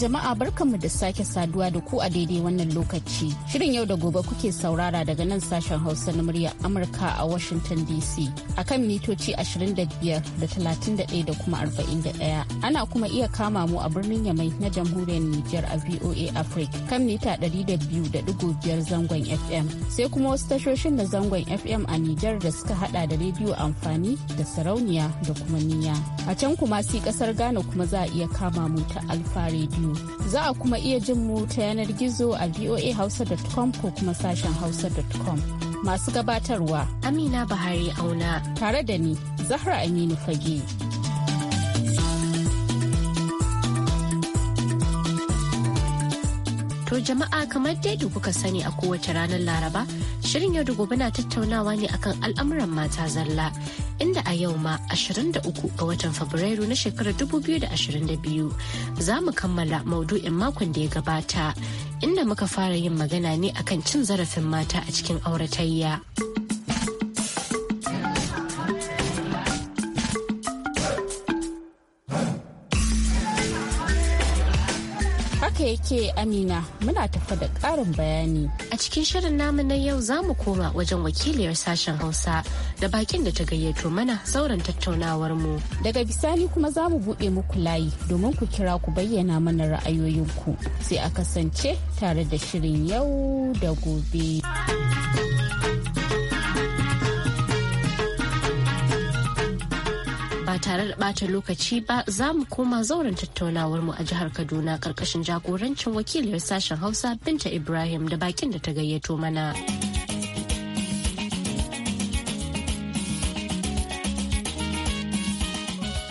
jama'a barkanmu da sake saduwa da ku a daidai wannan lokaci. Shirin yau da gobe kuke saurara daga nan sashen Hausa na murya Amurka a Washington DC a kan mitoci 25 da 31 da kuma 41. Ana kuma iya kama mu a birnin Yamai na jamhuriyar Nijar a VOA Africa kan mita 200.5 zangon FM. Sai kuma wasu tashoshin na zangon FM a Nijar da suka hada da rediyo amfani da sarauniya da kuma niya. A can kuma si kasar Ghana kuma za a iya kama mu ta Alfa rediyo. mu. Za a kuma iya jin mu ta yanar gizo a voahausa.com ko kuma sashen hausa.com. Masu gabatarwa Amina Bahari Auna. Tare da ni, Zahra Aminu Fage. To jama'a kamar dai kuka sani a kowace ranar Laraba Shirin yau da gobe na tattaunawa ne akan al'amuran mata zalla inda a yau ma 23 ga watan Fabrairu na shekarar 2022 za mu kammala maudu'in makon da ya gabata inda muka fara yin magana ne akan cin zarafin mata a cikin auratayya. yake Amina muna tafa da karin bayani. A cikin shirin namu na yau za mu koma wajen wakiliyar sashen Hausa da bakin da ta gayyato mana sauran tattaunawar mu. Daga bisani kuma za mu buɗe muku layi domin ku kira ku bayyana mana ra'ayoyinku sai a kasance tare da shirin yau da gobe. tare da ɓata lokaci ba za mu koma zauren tattaunawar mu a jihar Kaduna karkashin jagorancin wakiliyar sashen Hausa Binta Ibrahim da bakin da ta gayyato mana.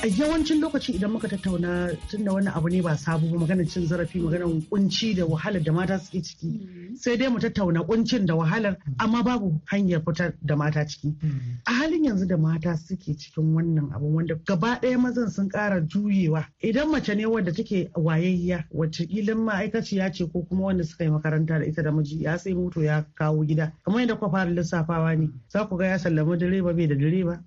a yawancin lokaci idan muka tattauna tun da wani abu ne ba sabo maganar cin zarafi maganar kunci da wahalar da mata suke ciki mm-hmm. sai dai mu tattauna kuncin da wahalar amma babu hanyar fitar da mata ciki mm-hmm. a halin yanzu da mata suke cikin wannan abu wanda gaba ɗaya mazan sun ƙara juyewa idan mace ne wanda take wayayya wacce ilin ma'aikaciya ce ko kuma wanda suka yi makaranta da ita da miji ya sai moto ya kawo gida kamar yadda kuka fara lissafawa ne za ku ga ya sallama direba bai da direba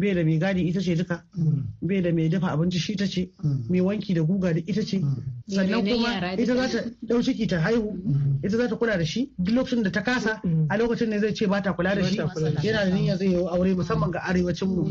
bai da mai gadi ita ce duka mm-hmm. bai da mai dafa abinci shi ta ce mm. mai wanki da guga da ita ce mm. sannan kuma ita za ta dau ciki ta haihu mm. ita za ta kula da shi duk lokacin da ta kasa a lokacin ne zai ce ba ta kula da shi yana da niyya zai yi aure musamman ga arewacin mu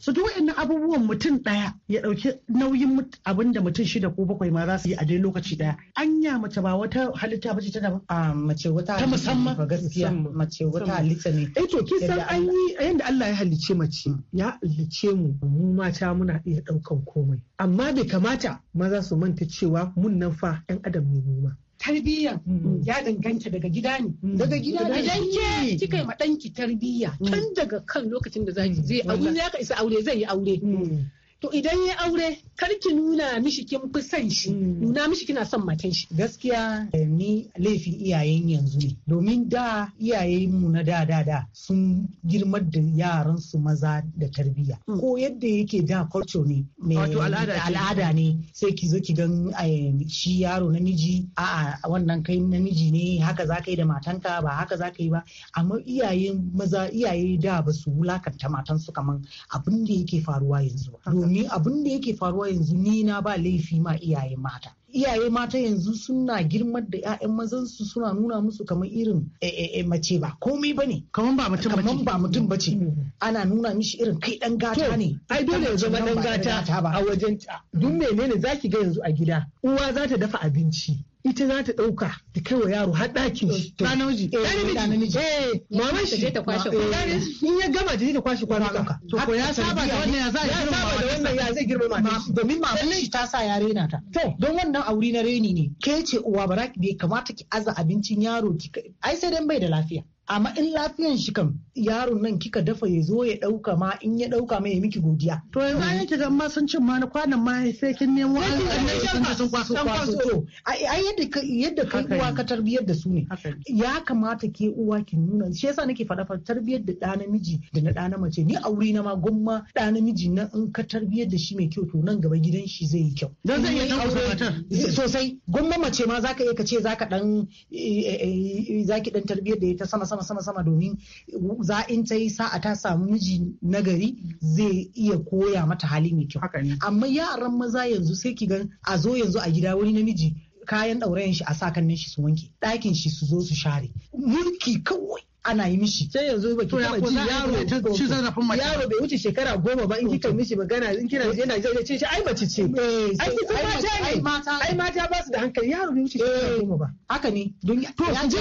su duk wa'annan abubuwan mutum daya ya dauki nauyin abin da mutum shida ko bakwai ma za su yi a dai lokaci daya anya mace ba wata halitta bace tana ba ah, mace wata ta musamman gaskiya mace wata halitta ne eh to kin san an yi yanda Allah ya halice mace ya halice mu mu mata muna iya ɗaukan komai amma bai kamata maza su manta cewa mun nan fa 'yan adam ne mu ma tarbiyya hmm. ya danganta daga gida ne hmm. daga gida ne idan ke kika yi ma danki tarbiyya tun hmm. daga kan lokacin da zai aure ka isa aure zai yi aure to idan ya aure kar ki nuna mishi kin fi son shi hmm. nuna mishi kina son matan shi gaskiya eh, ni laifin iyayen yanzu ne domin da iyayen mu na da da da sun girmar da yaran su maza da tarbiyya hmm. ko yadda yake da culture ne mai al'ada ne sai ki zo ki gan eh, shi yaro namiji a'a wannan kai namiji ne haka za ka yi da matanka ba haka za ka yi ba amma iyayen maza iyaye da ba su wulakanta su kamar abin da yake faruwa yanzu ni abin da yake faruwa yanzu ni na ba laifi ma iyaye mata iyaye mata yanzu suna girmar da 'ya'yan su suna nuna musu kamar irin eh, eh, eh, mace ba komai ba ne kamar ba mutum bace. ba mutum ba ana nuna mishi irin kai dan gata ne ai dole ya zama dan gata a wajen duk menene zaki ga yanzu a gida uwa za ta dafa abinci ita za ta ɗauka ta kai wa yaro har ɗakin shi. Ta namiji. Ta namiji. Eh, eh, eh maman shi. Ta kwashe eh, kwanuka. In ya gama ta je ta kwashe kwanuka. To ko ya saba da wannan ya za ya girma mama. Ya saba da wannan ya zai girma mama. Domin mama shi ta sa ya rena ta. To don wannan aure na reni ne. Ke ce uwa bara bai kamata ki aza abincin yaro ki ai sai dan bai da lafiya. amma in lafiyan shi kam yaron nan kika dafa ya zo ya dauka ma in ya dauka ma ya miki godiya to yanzu an yake ma sun cin ma kwanan ma sai kin nemo an sun sun kwaso kwaso to ai yadda yadda kai uwa ka tarbiyar da su ne ya kamata ke uwa ki nuna shi yasa nake faɗa fa tarbiyar da ɗa namiji da na ɗa mace ni aure na ma gwamma ɗa namiji na in ka tarbiyar da shi mai kyau to nan gaba gidan shi zai yi kyau dan zai iya aure sosai gwamma mace ma zaka iya ka ce zaka dan eh, eh, eh, zaki dan tarbiyar da ita sama sama sama sama domin za in ta yi sa'a ta samu miji nagari zai iya koya mata hali mai kyau amma yaran maza yanzu sai ki gan a zo yanzu a gida wani namiji kayan ɗaurayan shi a sa kannin shi su wanke ɗakin shi su zo su share mulki kawai ana yi mishi sai yanzu ba ki taba ji yaro shi zarafin mace yaro bai wuce shekara goma ba in kika mishi magana in kina eh. yana je ce shi ai mace ce eh, ai kisa mata ne ai mata ba su da hankali yaro bai wuce shekara eh. goma ba haka ne don to ya ji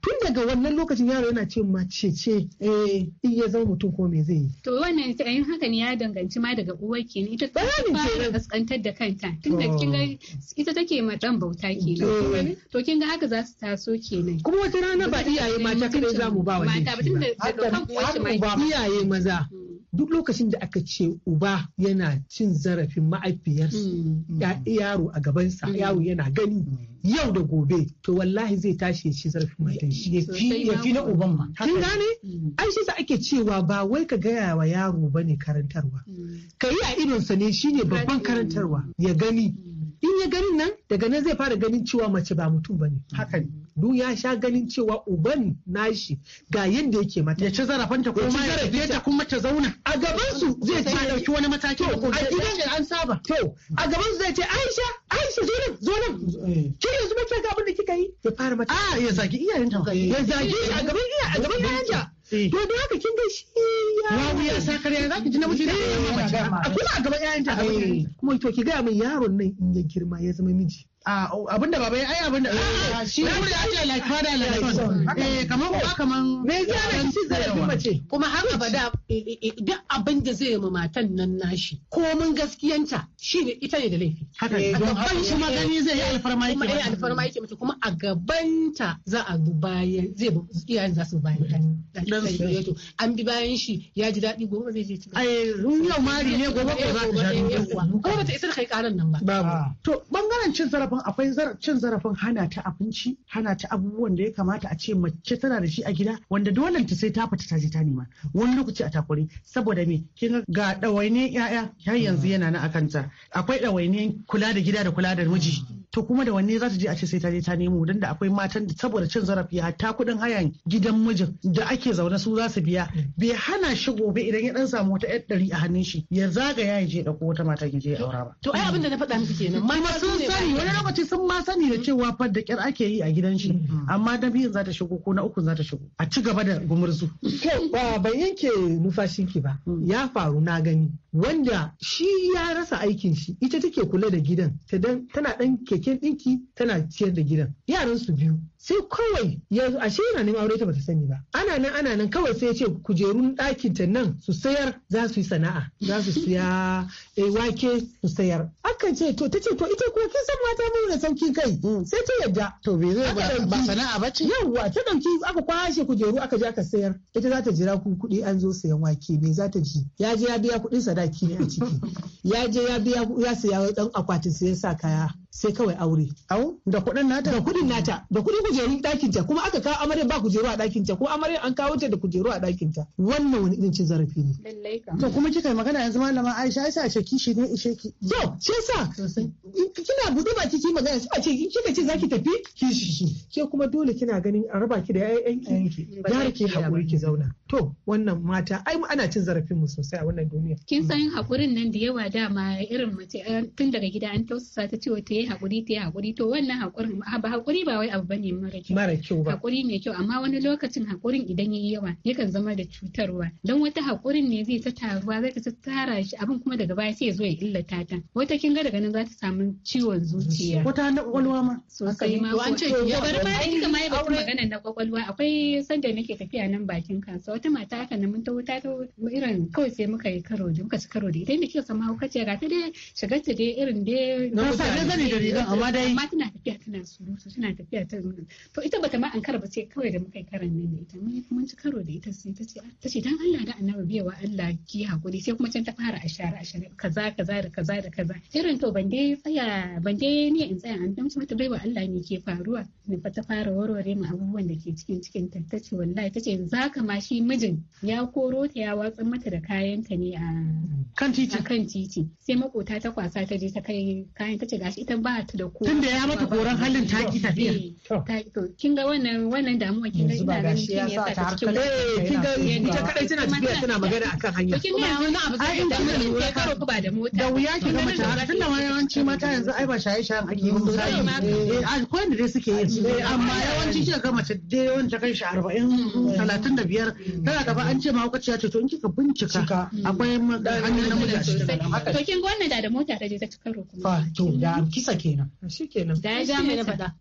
tun daga wannan lokacin yaro yana ce mace ce eh in ya zama mutum ko me zai yi to wannan ayin haka ne ya danganci ma daga uwar ke ita ta fara kaskantar da kanta tun da kin ga oh. ita take ma dan bauta kenan to kin ga haka za su taso kenan kuma wata rana ba iyaye mata kada mu ba iyaye maza hmm. duk lokacin da aka ce uba yana cin zarafin ma'aifiyar hmm. yaro a gabansa hmm. yaro yana gani yau da gobe to wallahi zai tashi ya ci zarafin matan shi ya fi na uban ma kin gane ai shi sa ake cewa ba wai ka gaya wa yaro bane karantarwa ka yi a idonsa ne shine babban karantarwa ya gani in ya ganin nan daga nan zai fara ganin cewa mace ba mutum bane haka ne duk ya sha ganin cewa uban nashi ga yadda yake mata ya ci zarafanta ko ma ya ta kuma ta zauna a gaban su zai ce dauki wani mataki a gidan an saba to a gaban su zai ce Aisha Aisha zo nan zo nan eh. ke yanzu ba ga abin da kika yi ya fara mata a ah, ya zagi iyayenta eh. ya zagi a gaban iya a gaban eh. iyayenta to da haka kin ga shi wawu ya sa kare za ki ji namiji ne a kuma a gaban iyayenta kuma to ki ga mai yaron nan in ya girma ya zama miji Ah, abinda baba ya ai abinda ah, ah, shi ne da ake like father like son eh kamar kuma kaman me zai ana shi zai mace kuma har abada duk abin da zai ma matan nan nashi komin gaskiyanta ne ita ne da laifi haka a gaban shi magani zai yi alfarma yake kuma alfarma yake eh, mace kuma a gabanta za a bi bayan zai iyayen za su bayan dan an bi bayan shi ya ji daɗi gobe zai je ci ai yau mari ne gobe ko za ta ji eh, daɗi gobe eh, ta isa kai karan nan ba to bangaren cin zarafi zarafin akwai cin zarafin hana ta abinci hana ta abubuwan da ya kamata a ce mace tana da shi a gida wanda dole ta sai ta fita ta je ta nema wani lokaci a takure saboda me kin ga ɗawainiyar 'ya'ya har yanzu mm. yana na akanta akwai ɗawainiyar kula da gida da kula da miji to kuma da wanne za ta je a ce sai ta je ta nemo don da akwai matan da saboda cin zarafi hatta kuɗin hayan gidan mijin da ake zaune su za su biya mm. bai hana shi gobe idan ya dan samu wata yar ɗari a hannun shi ya zaga ya je ɗauko wata mata ya je aura ba. To ai abin da na faɗa miki kenan. Kuma sun sani wani lokaci sun ma sani da mm. cewa fa da ƙyar ake yi a gidan shi mm. amma na biyun za ta shigo ko na ukun za ta shigo a ci gaba da gumurzu. Ban yanke numfashinki ba ya faru na gani wanda shi ya rasa aikin shi ita take kula da gidan tana dan ke ke ɗinki tana ciyar da gidan yaran su biyu sai kawai ya ashe yana neman aure ta bata sani ba ana nan ana nan kawai sai ya ce kujerun ɗakin ta nan su sayar za su yi sana'a za su siya eh wake su sayar akan ce to tace to ita kuma kin san mata mun da sauki kai mm. sai ta yadda to bai zai ba sana'a ba ce yawa ta danki aka kwashe kujeru aka je aka sayar ita za ta jira ku kuɗi an zo sayan wake me za ta ji ya je ya biya kuɗin sadaki ne a ciki ya je ya biya ya saya dan akwatin sai ya sa kaya sai kawai aure au da kuɗin nata da kuɗin nata da kuɗin kujerun ɗakin ta kuma aka kawo amarya ba kujeru a ɗakin ta kuma amarya an kawo ta da kujeru a ɗakin ta wannan wani irin cin zarafi ne to kuma kika magana yanzu malama Aisha ai sai a ce kishi ne ishe ki to shi yasa kina buɗe baki ki magana a ce kika ce zaki tafi kishi ke kuma dole kina ganin a raba ki da ƴaƴanki yar ki hakuri ki zauna to wannan mata ai ana cin zarafin mu sosai a wannan duniya kin san hakurin nan da yawa dama irin mace eh, tun daga gida an tausasa ta cewa ta yi hakuri ta yi hakuri to wannan hakurin ba hakuri ba wai abu bane mara kyau ba hakuri mai kyau amma wani lokacin hakurin idan yayi yawa yakan zama da cutarwa dan wata hakurin ne zai ta taruwa zai ta tara shi abin kuma daga baya sai ya zo ya illata ta wata kin ga daga nan za ta samu ciwon zuciya wata na kwakwalwa ma sosai ma ko an ce ya bar ba kika ma na kwakwalwa akwai sanda nake tafiya nan bakin kasuwa wata mata haka na mun tawo ta irin kawai sai muka yi karo da muka ci karo da ita inda kika sama hauka ce ga ta dai shiga ta dai irin dai na sa da zani da rigan amma dai amma tana tafiya tana surutu tana tafiya ta to ita bata ma an kara ba ce kawai da muka yi karan nan da ita mun mun ci karo da ita sai ta ce ta ce dan Allah da annabi wa Allah ki hakuri sai kuma can ta fara a share kaza kaza da kaza da kaza irin to ban dai tsaya ban dai ne in tsaya an damsu mata baiwa Allah ne ke faruwa ne fa ta fara warware mu abubuwan da ke cikin cikin ta ta ce wallahi ta ce zaka ma shi mijin ya koro ta ya watsa mata da kayanta ne a kan titi kan titi sai makota ta kwasa ta je ta kai kayan ta ce gashi ita ba ta da ko tunda ya mata koran halin ta ki tafiya eh, to kin ga wannan wannan damuwa kin ga ina ganin shi ya sa ta cikin eh kin ga ita kadai tana tafiya tana magana akan hanya kin ga wani abu zai da mu ne karo ba da mota da wuya kin ga mata tunda yawanci mata yanzu ai ba shaye shayen ake yi sai eh ko da dai suke yi eh, amma yawanci kin ga mace dai wanda ta kai shi 40 35 mm. tana gaba an ce mahaukaciya ce to in kika bincika akwai hanyar namiji mutane da haka to kin ga wannan da da mota ta je ta karo kuma to da kisa kenan shi kenan da ya ja mai na faɗa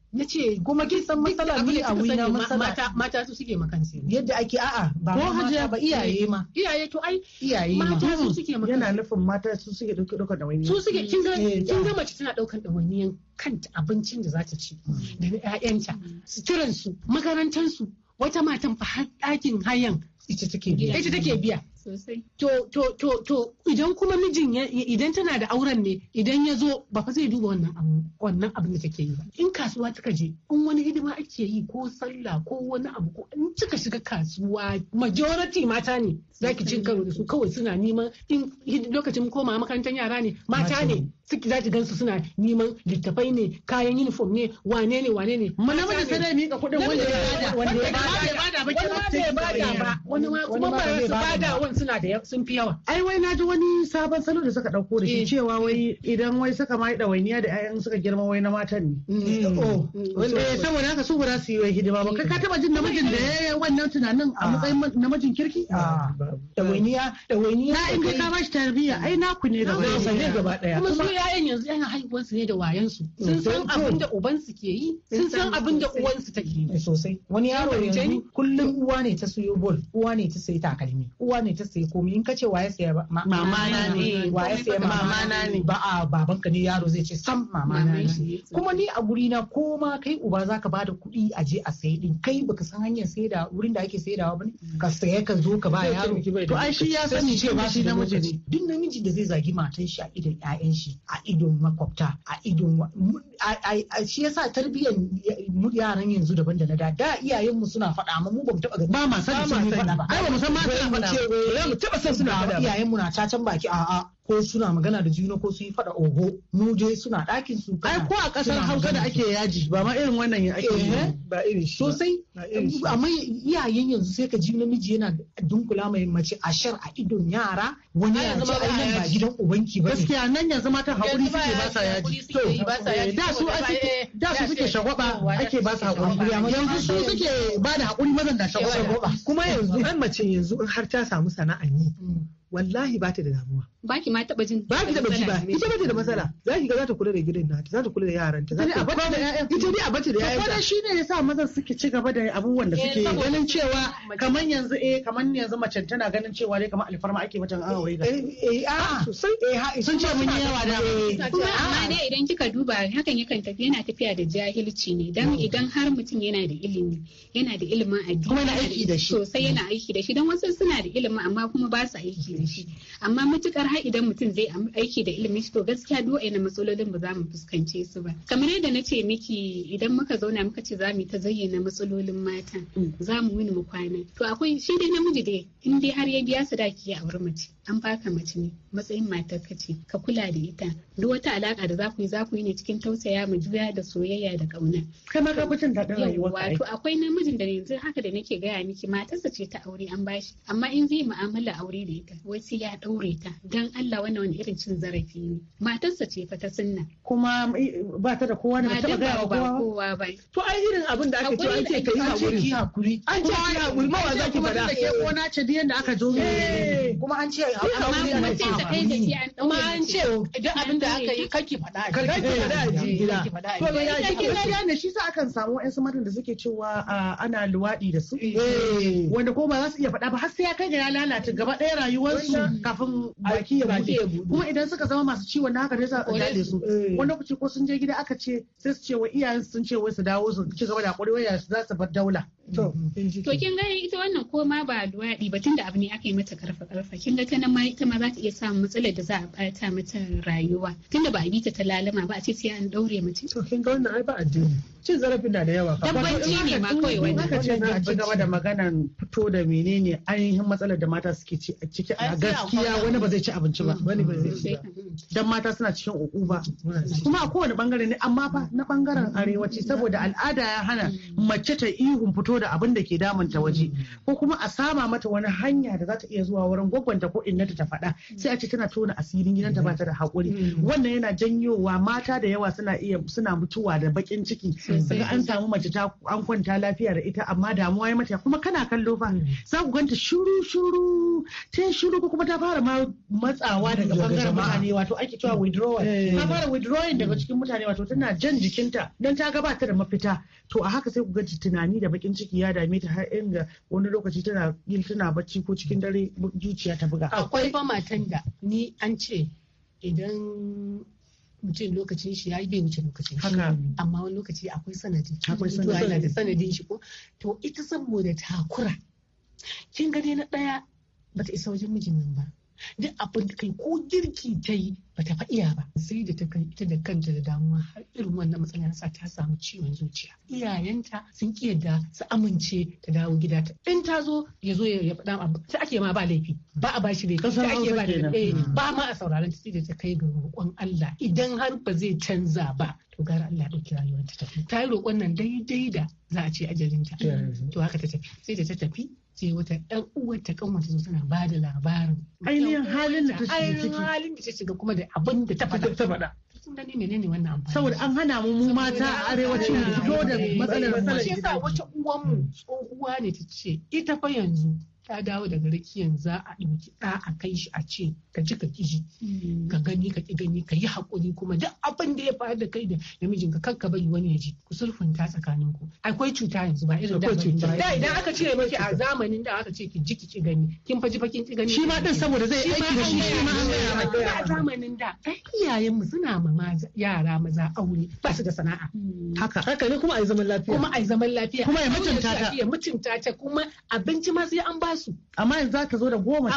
kuma kin san matsala ne a wina matsala mata su suke makansu yadda ake a'a ba ko mata ba iyaye eh, ma iyaye to ai iyaye mata su suke makansu yana nufin mata su suke dauke dauka da wani su suke kin ga eh, kin ga mace tana daukan da wani kanta abincin da za ta ci mm. da na ƴaƴanta suturan su makarantan su wata matan fa har ɗakin hayan ita take biya ita take biya to to to idan kuma mijin idan tana da auren ne idan ya zo ba fa zai duba wannan wannan abin da take yi ba in kasuwa kika je in wani hidima ake yi ko sallah ko wani abu ko in kika shiga kasuwa majority mata ne zaki cin karo da su kawai suna neman in lokacin mu koma makarantar yara ne mata ne suke za ki gansu suna neman littafai ne kayan uniform ne wane ne wane ne mana mana sanar mika kuɗin wanda ya bada wanda ya bada ba wani ma kuma ba su bada kan suna da sun fi yawa ai wai na ji wani sabon salo da suka dauko da shi eh. cewa wai idan wai suka mai ɗawainiya da 'ya'yan suka girma wai na matan ne mm. eh, oh. mm. eh, saboda haka su ba za su yi wai hidima ba ka taba jin namijin da ya yi wannan tunanin a ah. matsayin namijin kirki ah. ɗawainiya ɗawainiya na in ka bashi tarbiyya ai ku ne gaba ɗaya kuma su ƴaƴan yanzu yana haihuwar su ne da wayan su sun mm. san abin da uban su ke yi sun san abin da uwan su take yi sosai wani yaro yanzu kullum uwa ne ta suyo bol uwa ne ta sai takalmi uwa ne ta sayi komi in ka ce waye saya mama na ne waye saya mama na ne ba a baban ka ne yaro zai ce sam mama na ne kuma ni a guri na ko ma kai uba zaka bada kuɗi a je a sayi din kai baka san hanyar da wurin da ake ba ne ka saya ka zo ka ba yaro to ai shi ya sani ce ba shi namiji ne duk namiji da zai zagi matan shi a idon ƴaƴan shi a idon makwabta a idon shi yasa tarbiyyar yaran yanzu daban da na da da iyayenmu suna faɗa amma mu ba mu taɓa ba ma sani ba ba mu san ma tana faɗa ba za mu taɓa san suna faɗa ba. Iyayenmu na ta can baki a'a ko suna magana da juna ko su yi fada oho mu je suna ɗakin su ai ko a ƙasar hausa da ake yaji ba ma irin wannan ake yi ba eh, irin shi sosai amma iyayen yanzu sai ka ji namiji yana dunkula mai mace ashar a idon yara wani ya ce ai nan ba gidan ubanki ba gaskiya nan yanzu mata haƙuri suke ba sa yaji to eh, da su ake da su eh, suke shagwaba ake ba su haƙuri yanzu su suke ba da haƙuri mazan da shagwaba kuma yanzu an mace yanzu in har ta samu sana'a ne wallahi ba ta da damuwa ba ki ma taɓa jin ba ki taɓa ji ba ita ba ta da matsala za ki ga za ta kula da gidan nata za ta kula da yaranta za ta kula da ƴaƴan ita ne a da ƴaƴan ta mazan suke ci gaba da abubuwan da eh, suke yi ganin cewa kamar yanzu eh kamar yanzu mace tana ganin cewa dai kamar alfarma ake mata an aure ga eh, eh, eh a ah, ah, sosai eh sun ce mun yawa da kuma ah. amma ne idan kika duba hakan yakan tafi yana tafiya da jahilci ne dan hmm. idan har mutum yana da ilimi yana da ilimin addini kuma yana aiki da shi sosai yana aiki da shi dan wasu suna da ilimi amma kuma ba su aiki da shi amma matukar har idan mutum zai aiki da ilimin shi to gaskiya duk na matsalolin ba za mu fuskance su ba kamar yadda na ce miki idan muka zauna muka ce za mu ta zayyana matsalolin mata za mu wuni mu kwana to akwai shi dai namiji dai in dai har ya biya sadaki ya auri mace an baka mace ne matsayin matar ka ce ka kula da ita duk wata alaka da za ku yi za ku yi ne cikin tausaya mu juya da soyayya da kauna kamar ka fitin da rayuwar wato akwai namijin da yanzu haka da nake gaya miki matarsa ce ta aure an bashi amma in zai mu'amala aure da ita wai sai ya ɗaure ta don Allah wannan wani irin cin zarafi ne matarsa ce fa ta sunna kuma eh, ba ta da kowa ne ta ga ba kowa ba to ai irin abin da ake ce an ce kai hakuri an ce kai hakuri ma wa zaki fada ko na ce da yanda aka zo ne eh. kuma an ce a al'amari ne ta kai da an ce duk abin da aka yi kaki faɗa kaki faɗa ji to da ya ki ne shi sa akan samu ƴan samarin da suke cewa ana luwaɗi da su eh. wanda ko ba za su iya faɗa ba har sai ya kai ga ya lalata gaba ɗaya rayuwarsu kafin baki ya buɗe kuma idan suka zama masu ciwon na haka ne za a dade su eh. wani lokaci ko sun je gida aka ce sai su ce wa iyayen sun ce wai su dawo su ci gaba da hakuri wai za su bar daula To mm-hmm. kin ga ita wannan ko ma ba luwaɗi ba tunda abu ne aka yi mata karfa karfa. fa kin ga kana ma ita ma za ta iya samun matsalar da za a bata mata rayuwa tunda ba a bi ta ta lalama ba a ce sai an daure mace to kin ga wannan ai ba addini cin zarafin na da yawa dabbanci ne ma kawai wani haka ce na ci gaba da magana fito da menene ainihin matsalar da mata suke ci a ciki a gaskiya wani ba zai ci abinci ba wani ba zai ci mm, mm, mm. dan mata suna cikin uku ba. kuma a kowane bangare ne amma fa na bangaren arewaci saboda al'ada ya hana mace ta ihun fito da abin da ke ta waje ko kuma a sama mata wani hanya da za ta iya zuwa wurin gwagwanta ko innata ta faɗa sai a ce tana tona asirin gidanta ba ta da haƙuri wannan yana janyowa mata da yawa suna iya suna mutuwa da baƙin ciki daga an samu mace ta an kwanta lafiya da ita amma damuwa ya mata kuma kana kallo fa mm. za ku ganta shuru shuru ta shuru ko kuma ta fara matsawa daga bangaren mutane wato ake cewa mm. withdrawal eh. ta fara withdrawing daga cikin mutane wato tana jan jikinta dan ta gabata da mafita to a haka sai ku ganta tunani da bakin ciki ya dame ta har inda wani lokaci tana yin tana bacci ko cikin dare zuciya ta buga akwai ba matan da ni an ce idan mutum lokacin shi ya yi bai wuce lokacin shi amma wani lokaci akwai sanadi akwai sanadin shi ko to ita saboda takura kin gane na daya bata isa wajen mijin nan ba duk abin da kai ko girki ta yi ba ta faɗiya ba sai da ta kai ita da kanta da damuwa har irin wannan matsala sa ta samu ciwon zuciya iyayenta sun ki yadda su amince ta dawo gida ta in ta zo ya zo ya faɗa abu ta ake ma ba laifi ba a bashi laifi ta ake ba laifi eh, ba ma a sauraron ta sai da ta kai ga roƙon Allah idan har ba zai canza ba to gara Allah ya ɗauki rayuwar ta tafi. ta yi roƙon nan daidai da za a ce ajalinta to haka ta tafi sai da ta tafi sai wata ɗan uwar ta kan wata zo tana ba da labarin ainihin halin da ta shiga ciki. ainihin halin da ta shiga kuma da abin da ta faɗa sun gani menene wannan amfani saboda an hana mu mu mata a arewacin fito da matsalar matsalar shi yasa wata uwan mu tsohuwa ne ta ce ita fa yanzu ta dawo daga rakiyan za a ɗauki ɗa a kai shi a ce ka ji ka mm. kiji. ka gani ka ki gani ka yi haƙuri kuma duk abin da ya faru da kai da namijin ka kanka bari wani ya ji ku sulhunta tsakanin ku akwai cuta yanzu ba irin da cuta da idan aka ce maki a zamanin da aka ce ki ji ki ki gani kin faji fa kin ki gani shi ma din saboda zai aiki da shi shi ma an a zamanin da iyayen mu suna ma yara maza aure ba su da sana'a mm. haka haka ne kuma ai zaman lafiya kuma ai zaman lafiya kuma ya mutunta ta kuma abinci ma sai an ba su amma yanzu za ka zo da goma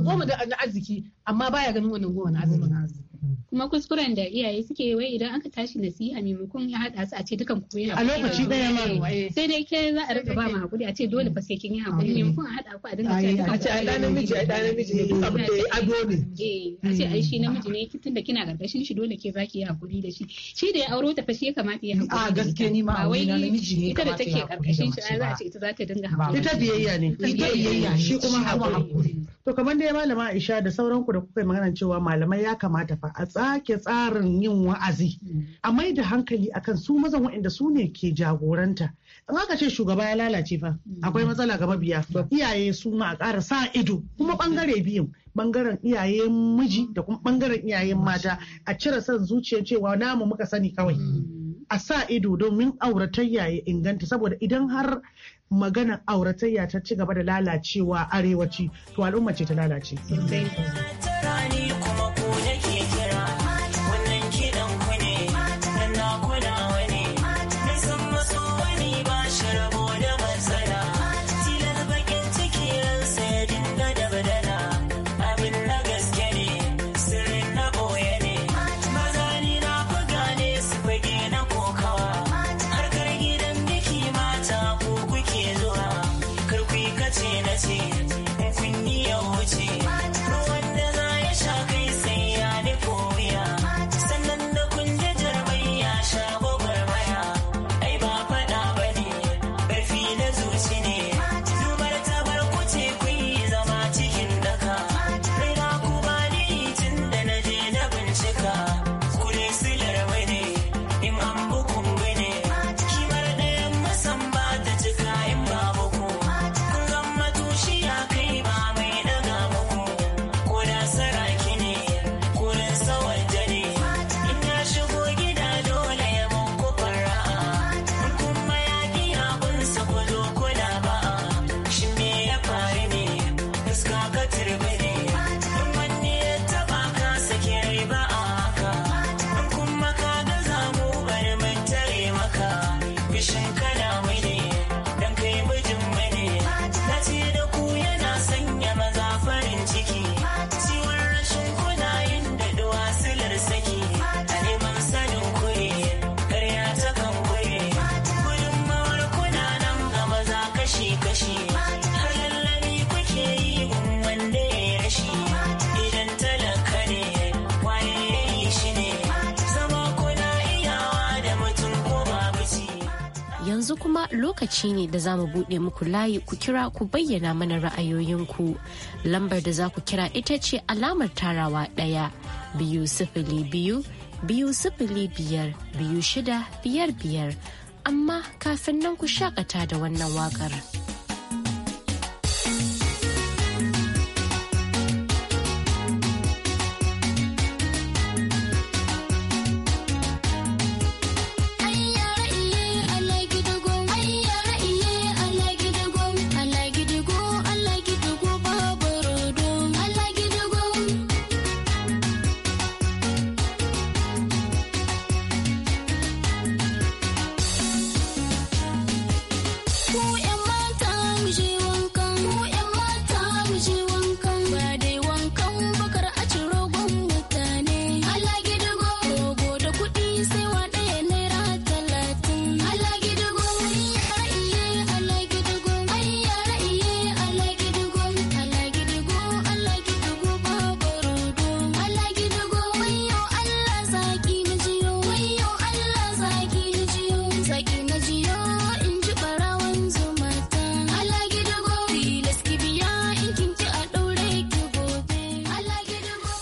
goma da arziki amma baya ganin wannan goma na arziki kuma kuskuren da iyaye suke wai idan aka tashi nasiha maimakon ya haɗa su a ce dukan ku yi a lokaci ɗaya ma eh, sai dai ke za a rika ba ma hakuri a ce dole fa sai kin yi hakuri maimakon a haɗa ku a dinga cewa dukan a ce ai ɗan namiji ai ɗan namiji ne duk abin da ya ado ne eh, a ce ai shi namiji ne tunda kina karkashin shi dole ke zaki yi hakuri da shi shi da ya auro ta fa shi ya kamata ya hakuri a gaske ni ma a wai namiji ne ita da take karkashin shi za a ce ita za ta dinga hakuri ita biyayya ne ita biyayya shi kuma hakuri To kamar dai malama Aisha da sauran da kuka yi magana cewa malamai ya kamata fa a tsake tsarin yin wa'azi a mai da hankali akan su mazan waɗanda su ne ke jagoranta. In aka ce shugaba ya lalace fa akwai matsala ga mabiya iyaye su ma a ƙara sa ido kuma ɓangare biyu, bangaren iyayen miji da kuma bangaren iyayen mata a cire son zuciya cewa namu muka sani kawai. a sa ido domin auratayya ya inganta saboda idan har Maganar auratayya ta ci gaba da lalacewa arewaci to al'umma ce ta lalace. Tina, Tina. shake lokaci ne da za mu buɗe muku layi ku kira ku bayyana mana ra'ayoyinku. Lambar da za ku kira ita ce alamar tarawa ɗaya biyu sifili biyu biyu sifili biyar biyu shida biyar biyar. Amma kafin nan ku shakata da wannan waƙar.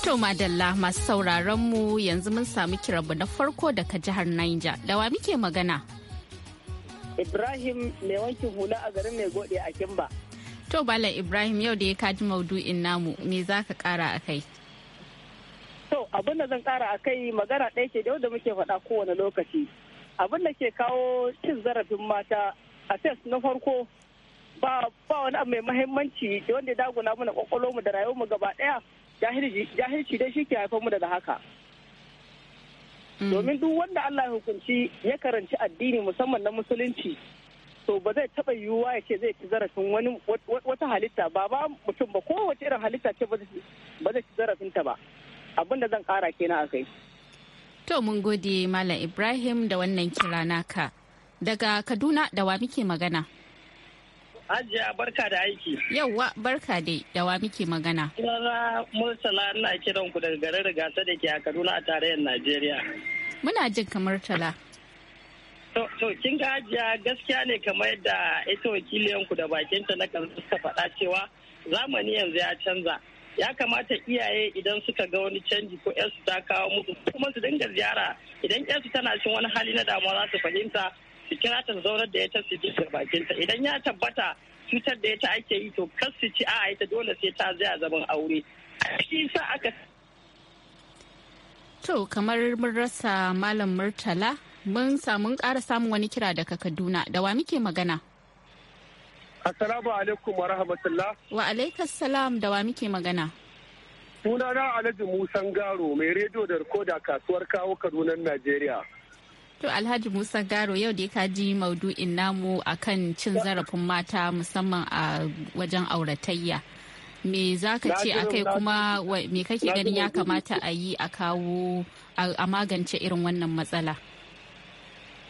To madalla masu sauraron mu yanzu mun samu kirabu na farko daga jihar Niger. Da wa muke magana? Ibrahim mai wankin hula a garin mai gode a Kimba. To Bala Ibrahim yau da ya kaji maudu'in namu me za ka kara a kai? To abin da zan kara a kai magana ɗaya ce yau da muke faɗa kowane lokaci. Abin da ke kawo cin zarafin mata a na farko ba wani abu mai mahimmanci da wanda ya daguna mana mu da mu gaba ɗaya jahilci dai shi ke haifar mu daga haka mm. domin duk wanda Allah ya hukunci ya karanci addini musamman na musulunci to ba zai taɓa yiwuwa ya ce zai ci zarafin wani wata halitta ba ba mutum ba kowace irin halitta ce ba zai ci ta ba abin da zan kara kenan a kai. To mun gode Malam Ibrahim da wannan kira naka. Daga Kaduna da wa muke magana? Hajiya barka da aiki. Yawwa barka dai da wa muke magana. Kira Murtala ina kiran ku daga garin Rigasa da ke a Kaduna a tarayyar Najeriya. Muna jin ka Murtala. To kin ga Hajiya gaskiya ne kamar yadda ita wakiliyan ku da bakinta na kan suka faɗa cewa zamani yanzu ya canza. Ya kamata iyaye idan suka ga wani canji ko 'yarsu ta kawo musu kuma su dinga ziyara idan 'yarsu tana cin wani hali na damuwa za su fahimta su kira ta zaurar da ya ta su jikin bakinta idan ya tabbata cutar da ya ta ake yi to kar su ci a ita dole sai ta zai zaman aure shi sa aka to kamar mun rasa malam murtala mun samu ƙara samun wani kira daga kaduna da wa muke magana assalamu alaikum wa rahmatullah wa alaikas salam da wa muke magana sunana alhaji musan garo mai rediyo da rikoda kasuwar kawo kaduna najeriya To Alhaji Musa Garo yau da ka ji maudu'in namu akan cin zarafin mata musamman a wajen auratayya. Me za ka ce a kai kuma me kake ganin ya kamata a yi a kawo a magance irin wannan matsala?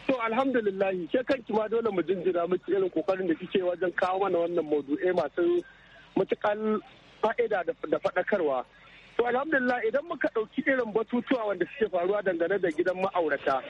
To alhamdulillahi ke kanki ma dole mu jinjina miki irin kokarin da kike wajen kawo mana wannan maudu'i masu matukar fa'ida da faɗakarwa. To alhamdulillah idan muka ɗauki irin batutuwa wanda suke faruwa dangane da gidan ma'aurata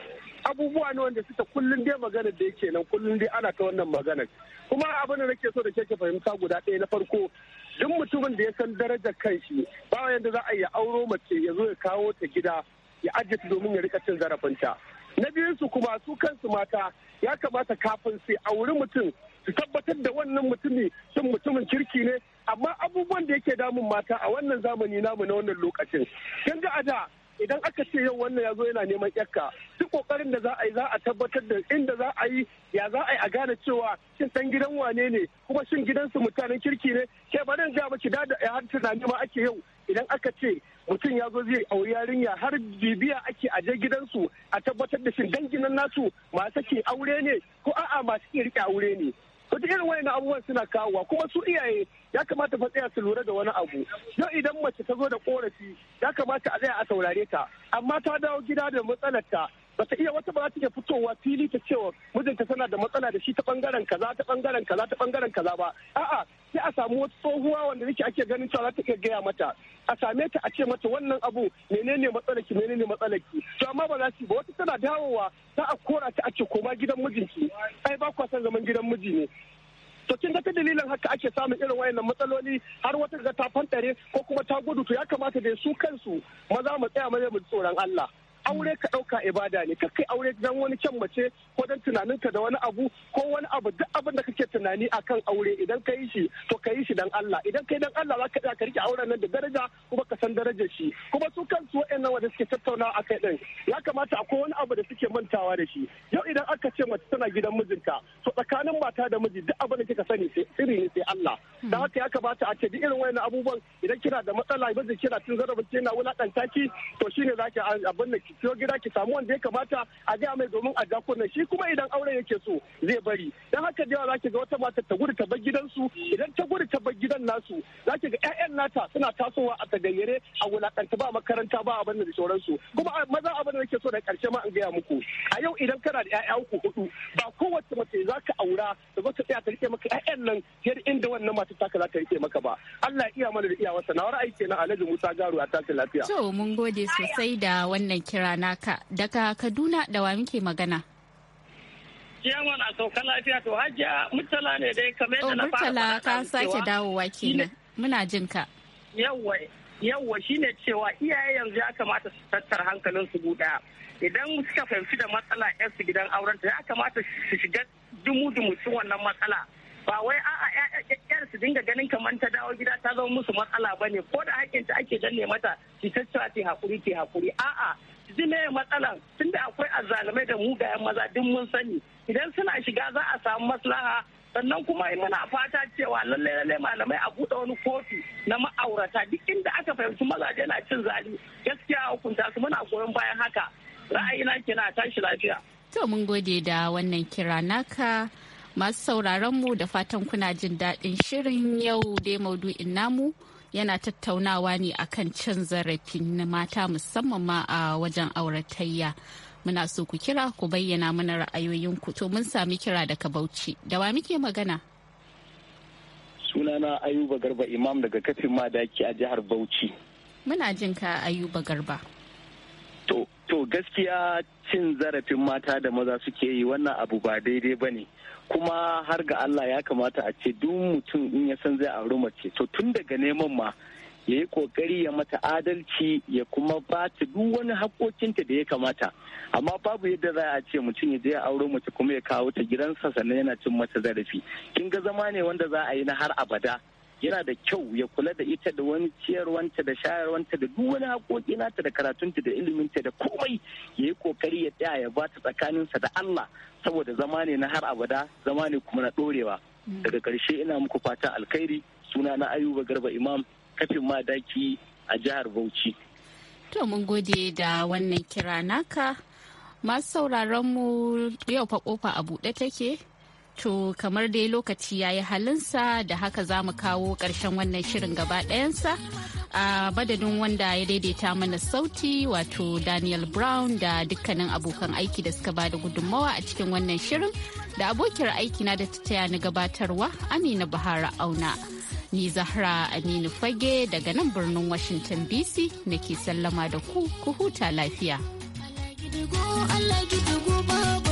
abubuwa ne wanda suka kullum dai magana da yake nan kullum dai ana ta wannan magana kuma abin da nake so da kake fahimta guda ɗaya na farko duk mutumin da ya san darajar kan shi ba yadda za a yi auro mace ya zo ya kawo ta gida ya ajiye ta domin ya rika cin zarafinta na biyunsu kuma su kansu mata ya kamata kafin su auri mutum su tabbatar da wannan mutumi shin mutumin kirki ne amma abubuwan da yake damun mata a wannan zamani namu na wannan lokacin kan ga ada idan aka ce yau wannan ya zo yana neman yakka duk kokarin da za a yi za a tabbatar da inda za a yi ya za a yi a gane cewa shin san gidan wane ne kuma shin gidansu mutanen kirki ne ke ba nan ga miki da da har tunani ma ake yau idan aka ce mutum ya zo zai auri yarinya har bibiya ake aje gidansu a tabbatar da shin danginan nasu masu ke aure ne ko a'a masu iya rike aure ne duk irin wayannan abubuwan suna kawowa kuma su iyaye ya kamata fa tsaya su lura da wani abu yau idan mace ta zo da korafi ya kamata a tsaya a saurare ta amma ta dawo gida da matsalarta ba ta iya wata ba za ta iya fitowa fili ta cewa mijinta tana da matsala da shi ta bangaren kaza ta bangaren kaza ta bangaren kaza ba a'a sai a samu wata tsohuwa wanda nake ake ganin cewa za ta iya gaya mata a same ta a ce mata wannan abu menene ki menene matsalaki to amma ba za su ba wata tana dawowa ta a kora ta a ce koma gidan mijinki ai ba kwa zaman gidan miji ne to kin ga ta dalilin haka ake samun irin wayannan matsaloli har wata ga ta fantare ko kuma ta gudu to ya kamata da su kansu maza mu tsaya mu tsoron Allah aure ka ɗauka ibada ne ka kai aure don wani kyan mace ko don tunaninka da wani abu ko wani abu duk abin da kake tunani akan aure idan ka yi shi to ka yi shi dan Allah idan ka yi dan Allah za ka rike auren nan da daraja kuma ka san darajar shi kuma su kansu waɗannan wanda suke tattaunawa akai din ya kamata akwai wani abu da suke mantawa da shi yau idan aka ce mace tana gidan mijinta to tsakanin mata da miji duk abin da kika sani sai sirri ne sai Allah hmm. dan haka ya kamata a ce duk irin wayannan abubuwan idan kina da matsala ba kina tun zarabin kina wulakanta ki to shine zaki abin da siyo gida ki samu wanda ya kamata a gaya mai domin a jakunan shi kuma idan aure yake so zai bari dan haka da yawa zaki ga wata mata ta gudu ta bar su idan ta gudu ta bar gidan nasu zaki ga ƴaƴan nata suna tasowa a tagayyare a wulaƙanta ba makaranta ba abin da sauransu kuma maza abin da nake so da karshe ma an gaya muku a yau idan kana da ƴaƴa uku hudu ba kowace mace za ka aura da zaka tsaya ta rike maka ƴaƴan nan yar inda wannan mata taka za ta rike maka ba Allah iya mana da iyawarsa na aiki na Alhaji Musa Garu a tashi lafiya to mun gode sosai da wannan kira saurara naka daga Kaduna da wa muke magana. Yawan a sauka lafiya to hajiya mutala ne dai kamar yadda oh, na fara mutala ka sake dawowa kenan muna jin ka. Yawwa shi shine cewa iyaye yanzu ya kamata su tattara hankalin su guda idan suka fahimci da matsala su gidan auren ya kamata su shiga dumu-dumu su wannan matsala ba wai a'a yar su dinga ganin kamar ta dawo gida ta zama musu matsala ba ne ko da hakkin ta ake danne mata ki tattara ki hakuri ki hakuri a'a ji me matsalan tunda akwai azzalumai da mu mugayen maza duk mun sani idan suna shiga za a samu maslaha sannan kuma muna fata cewa lalle lalle malamai a buɗe wani kofi na ma'aurata duk inda aka fahimci mazaje na cin zali gaskiya hukunta su muna goyon bayan haka ra'ayina kina tashi lafiya to mun gode da wannan kira naka masu sauraron mu da fatan kuna jin daɗin shirin yau dai maudu'in namu yana tattaunawa ne akan cin zarafin mata musamman ma a wajen auratayya. Muna so ku kira ku bayyana mana ra'ayoyinku to mun sami kira daga Bauchi. Da wa muke magana? Sunana Ayuba Garba Imam daga kafin madaki a jihar Bauchi. Muna jin ka Ayuba Garba. To, to gaskiya cin zarafin mata da maza suke yi wannan abu ba daidai ba ne. Kuma har ga Allah ya kamata a ce duk mutum in ya san zai auri mace. To tun daga neman ma ya yi kokari ya mata adalci ya kuma ba ta duk wani haƙoƙinta da ya kamata amma babu yadda za a ce mutum ya je ya auri mace kuma ya kawo ta gidansa sannan yana cin mata zarafi kin ga zama ne wanda za a yi na har abada yana da kyau ya kula da ita da wani ciyarwanta da shayarwanta da duk wani haƙoƙi nata da karatunta da iliminta da komai ya yi ƙoƙari ya tsaya ya bata tsakaninsa da Allah saboda zama ne na har abada zama ne kuma na ɗorewa. Mm. Daga ƙarshe ina muku fatan alkhairi suna na Ayuba Garba Imam kafin madaki a jihar Bauchi. To mun gode da wannan kira naka. Masu sauraron mu yau fa kofa a buɗe take To kamar dai lokaci ya yi halinsa da haka za mu kawo ƙarshen wannan shirin gaba ɗayansa a madadin wanda ya daidaita mana sauti wato Daniel Brown da dukkanin abokan aiki da suka bada gudunmawa a cikin wannan shirin da abokiyar aikina da ta taya na gabatarwa Amina Bahara Auna. Ni Zahra Aminu Fage daga nan birnin Washington DC nake sallama da ku ku huta lafiya. Allah